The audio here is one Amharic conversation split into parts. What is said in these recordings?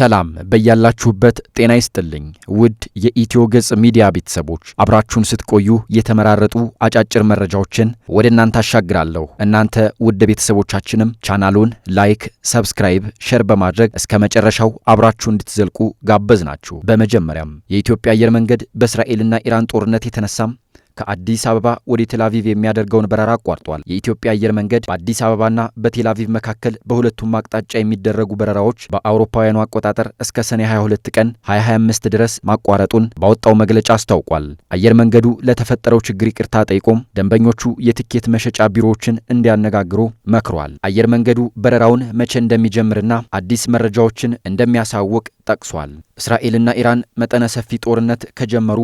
ሰላም በያላችሁበት ጤና ይስጥልኝ። ውድ የኢትዮ ገጽ ሚዲያ ቤተሰቦች አብራችሁን ስትቆዩ የተመራረጡ አጫጭር መረጃዎችን ወደ እናንተ አሻግራለሁ። እናንተ ውድ ቤተሰቦቻችንም ቻናሉን ላይክ፣ ሰብስክራይብ፣ ሼር በማድረግ እስከ መጨረሻው አብራችሁ እንድትዘልቁ ጋበዝ ናችሁ። በመጀመሪያም የኢትዮጵያ አየር መንገድ በእስራኤልና ኢራን ጦርነት የተነሳም ከአዲስ አበባ ወደ ቴላቪቭ የሚያደርገውን በረራ አቋርጧል። የኢትዮጵያ አየር መንገድ በአዲስ አበባና በቴላቪቭ መካከል በሁለቱም አቅጣጫ የሚደረጉ በረራዎች በአውሮፓውያኑ አቆጣጠር እስከ ሰኔ 22 ቀን 2025 ድረስ ማቋረጡን ባወጣው መግለጫ አስታውቋል። አየር መንገዱ ለተፈጠረው ችግር ይቅርታ ጠይቆም ደንበኞቹ የትኬት መሸጫ ቢሮዎችን እንዲያነጋግሩ መክሯል። አየር መንገዱ በረራውን መቼ እንደሚጀምርና አዲስ መረጃዎችን እንደሚያሳውቅ ጠቅሷል። እስራኤልና ኢራን መጠነ ሰፊ ጦርነት ከጀመሩ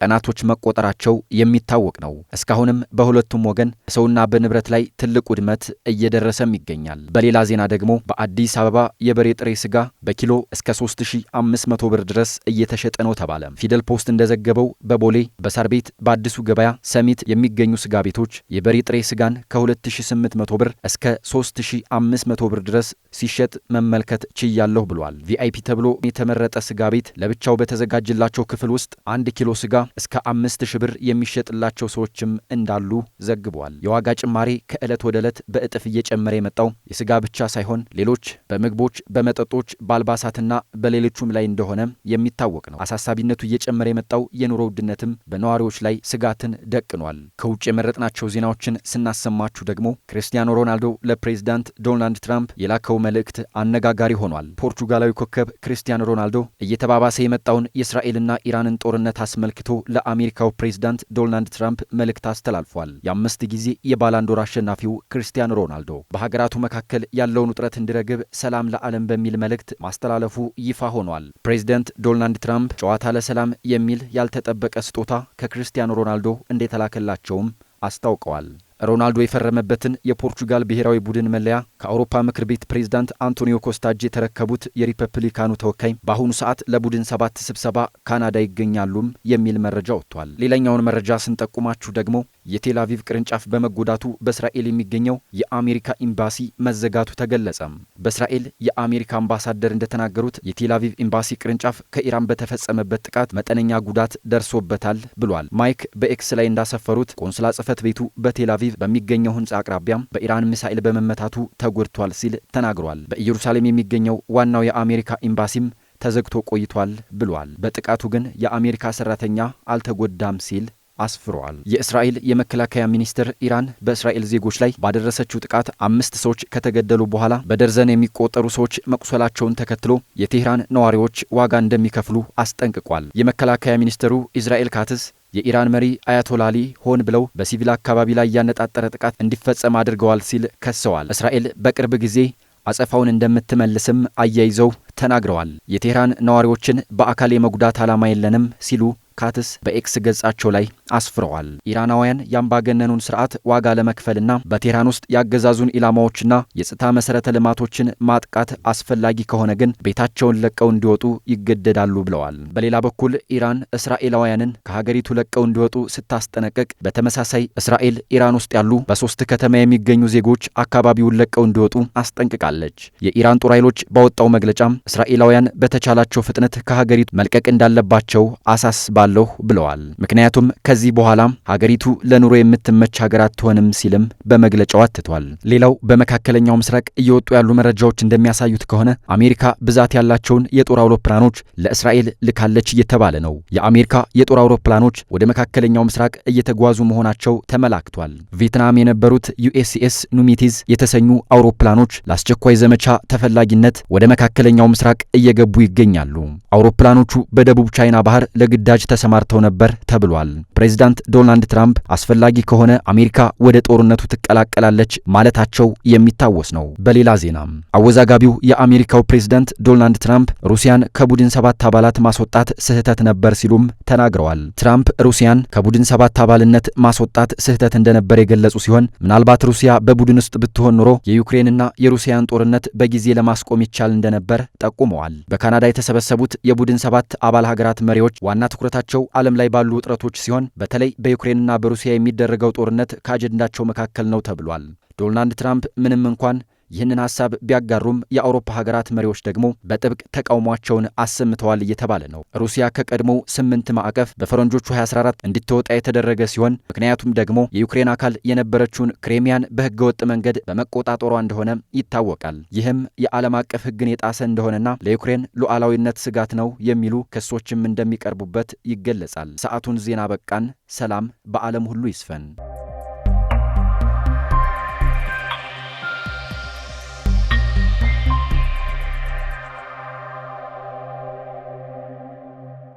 ቀናቶች መቆጠራቸው የሚታወቅ ነው። እስካሁንም በሁለቱም ወገን በሰውና በንብረት ላይ ትልቅ ውድመት እየደረሰም ይገኛል። በሌላ ዜና ደግሞ በአዲስ አበባ የበሬ ጥሬ ስጋ በኪሎ እስከ 3500 ብር ድረስ እየተሸጠ ነው ተባለ። ፊደል ፖስት እንደዘገበው በቦሌ በሳር ቤት፣ በአዲሱ ገበያ፣ ሰሚት የሚገኙ ስጋ ቤቶች የበሬ ጥሬ ስጋን ከ2800 ብር እስከ 3500 ብር ድረስ ሲሸጥ መመልከት ችያለሁ ብሏል። ቪአይፒ ተብሎ የተመረጠ ስጋ ቤት ለብቻው በተዘጋጀላቸው ክፍል ውስጥ አንድ ኪሎ ስጋ እስከ አምስት ሽብር ብር የሚሸጥላቸው ሰዎችም እንዳሉ ዘግቧል። የዋጋ ጭማሪ ከዕለት ወደ ዕለት በእጥፍ እየጨመረ የመጣው የስጋ ብቻ ሳይሆን ሌሎች በምግቦች፣ በመጠጦች፣ በአልባሳትና በሌሎቹም ላይ እንደሆነ የሚታወቅ ነው። አሳሳቢነቱ እየጨመረ የመጣው የኑሮ ውድነትም በነዋሪዎች ላይ ስጋትን ደቅኗል። ከውጭ የመረጥናቸው ዜናዎችን ስናሰማችሁ ደግሞ ክርስቲያኖ ሮናልዶ ለፕሬዚዳንት ዶናልድ ትራምፕ የላከው መልእክት አነጋጋሪ ሆኗል። ፖርቹጋላዊ ኮከብ ክርስቲያኖ ሮናልዶ እየተባባሰ የመጣውን የእስራኤልና ኢራንን ጦርነት አስመልክቶ ለአሜሪካው ፕሬዝዳንት ዶናልድ ትራምፕ መልእክት አስተላልፏል። የአምስት ጊዜ የባላንዶር አሸናፊው ክርስቲያን ሮናልዶ በሀገራቱ መካከል ያለውን ውጥረት እንዲረግብ ሰላም ለዓለም በሚል መልእክት ማስተላለፉ ይፋ ሆኗል። ፕሬዝዳንት ዶናልድ ትራምፕ ጨዋታ ለሰላም የሚል ያልተጠበቀ ስጦታ ከክርስቲያን ሮናልዶ እንደተላከላቸውም አስታውቀዋል። ሮናልዶ የፈረመበትን የፖርቹጋል ብሔራዊ ቡድን መለያ ከአውሮፓ ምክር ቤት ፕሬዝዳንት አንቶኒዮ ኮስታ እጅ የተረከቡት የሪፐብሊካኑ ተወካይ በአሁኑ ሰዓት ለቡድን ሰባት ስብሰባ ካናዳ ይገኛሉም የሚል መረጃ ወጥቷል። ሌላኛውን መረጃ ስንጠቁማችሁ ደግሞ የቴል አቪቭ ቅርንጫፍ በመጎዳቱ በእስራኤል የሚገኘው የአሜሪካ ኤምባሲ መዘጋቱ ተገለጸ። በእስራኤል የአሜሪካ አምባሳደር እንደተናገሩት የቴል አቪቭ ኤምባሲ ቅርንጫፍ ከኢራን በተፈጸመበት ጥቃት መጠነኛ ጉዳት ደርሶበታል ብሏል። ማይክ በኤክስ ላይ እንዳሰፈሩት ቆንስላ ጽፈት ቤቱ በቴል አቪቭ በሚገኘው ህንፃ አቅራቢያም በኢራን ሚሳኤል በመመታቱ ተጎድቷል ሲል ተናግሯል። በኢየሩሳሌም የሚገኘው ዋናው የአሜሪካ ኤምባሲም ተዘግቶ ቆይቷል ብሏል። በጥቃቱ ግን የአሜሪካ ሰራተኛ አልተጎዳም ሲል አስፍሯል። የእስራኤል የመከላከያ ሚኒስትር ኢራን በእስራኤል ዜጎች ላይ ባደረሰችው ጥቃት አምስት ሰዎች ከተገደሉ በኋላ በደርዘን የሚቆጠሩ ሰዎች መቁሰላቸውን ተከትሎ የቴህራን ነዋሪዎች ዋጋ እንደሚከፍሉ አስጠንቅቋል። የመከላከያ ሚኒስትሩ ኢዝራኤል ካትስ የኢራን መሪ አያቶላሊ ሆን ብለው በሲቪል አካባቢ ላይ ያነጣጠረ ጥቃት እንዲፈጸም አድርገዋል ሲል ከሰዋል። እስራኤል በቅርብ ጊዜ አጸፋውን እንደምትመልስም አያይዘው ተናግረዋል። የቴህራን ነዋሪዎችን በአካል የመጉዳት ዓላማ የለንም ሲሉ ካትስ በኤክስ ገጻቸው ላይ አስፍረዋል። ኢራናውያን የአምባገነኑን ስርዓት ዋጋ ለመክፈልና በቴህራን ውስጥ ያገዛዙን ኢላማዎችና የጸጥታ መሰረተ ልማቶችን ማጥቃት አስፈላጊ ከሆነ ግን ቤታቸውን ለቀው እንዲወጡ ይገደዳሉ ብለዋል። በሌላ በኩል ኢራን እስራኤላውያንን ከሀገሪቱ ለቀው እንዲወጡ ስታስጠነቀቅ፣ በተመሳሳይ እስራኤል ኢራን ውስጥ ያሉ በሶስት ከተማ የሚገኙ ዜጎች አካባቢውን ለቀው እንዲወጡ አስጠንቅቃለች። የኢራን ጦር ኃይሎች ባወጣው መግለጫም እስራኤላውያን በተቻላቸው ፍጥነት ከሀገሪቱ መልቀቅ እንዳለባቸው አሳስባል አስባለሁ ብለዋል። ምክንያቱም ከዚህ በኋላ ሀገሪቱ ለኑሮ የምትመች ሀገር አትሆንም ሲልም በመግለጫው አትቷል። ሌላው በመካከለኛው ምስራቅ እየወጡ ያሉ መረጃዎች እንደሚያሳዩት ከሆነ አሜሪካ ብዛት ያላቸውን የጦር አውሮፕላኖች ለእስራኤል ልካለች እየተባለ ነው። የአሜሪካ የጦር አውሮፕላኖች ወደ መካከለኛው ምስራቅ እየተጓዙ መሆናቸው ተመላክቷል። ቪየትናም የነበሩት ዩኤስኤስ ኑሚቲዝ የተሰኙ አውሮፕላኖች ለአስቸኳይ ዘመቻ ተፈላጊነት ወደ መካከለኛው ምስራቅ እየገቡ ይገኛሉ። አውሮፕላኖቹ በደቡብ ቻይና ባህር ለግዳጅ ተሰማርተው ነበር ተብሏል። ፕሬዚዳንት ዶናልድ ትራምፕ አስፈላጊ ከሆነ አሜሪካ ወደ ጦርነቱ ትቀላቀላለች ማለታቸው የሚታወስ ነው። በሌላ ዜና አወዛጋቢው የአሜሪካው ፕሬዚዳንት ዶናልድ ትራምፕ ሩሲያን ከቡድን ሰባት አባላት ማስወጣት ስህተት ነበር ሲሉም ተናግረዋል። ትራምፕ ሩሲያን ከቡድን ሰባት አባልነት ማስወጣት ስህተት እንደነበር የገለጹ ሲሆን ምናልባት ሩሲያ በቡድን ውስጥ ብትሆን ኑሮ የዩክሬንና የሩሲያን ጦርነት በጊዜ ለማስቆም ይቻል እንደነበር ጠቁመዋል። በካናዳ የተሰበሰቡት የቡድን ሰባት አባል ሀገራት መሪዎች ዋና ትኩረታቸው ትኩረታቸው ዓለም ላይ ባሉ ውጥረቶች ሲሆን በተለይ በዩክሬንና በሩሲያ የሚደረገው ጦርነት ከአጀንዳቸው መካከል ነው ተብሏል። ዶናልድ ትራምፕ ምንም እንኳን ይህንን ሀሳብ ቢያጋሩም የአውሮፓ ሀገራት መሪዎች ደግሞ በጥብቅ ተቃውሟቸውን አሰምተዋል እየተባለ ነው። ሩሲያ ከቀድሞው ስምንት ማዕቀፍ በፈረንጆቹ 2014 እንድትወጣ የተደረገ ሲሆን ምክንያቱም ደግሞ የዩክሬን አካል የነበረችውን ክሬሚያን በህገወጥ መንገድ በመቆጣጠሯ እንደሆነ ይታወቃል። ይህም የዓለም አቀፍ ህግን የጣሰ እንደሆነና ለዩክሬን ሉዓላዊነት ስጋት ነው የሚሉ ክሶችም እንደሚቀርቡበት ይገለጻል። ሰዓቱን ዜና በቃን። ሰላም በዓለም ሁሉ ይስፈን።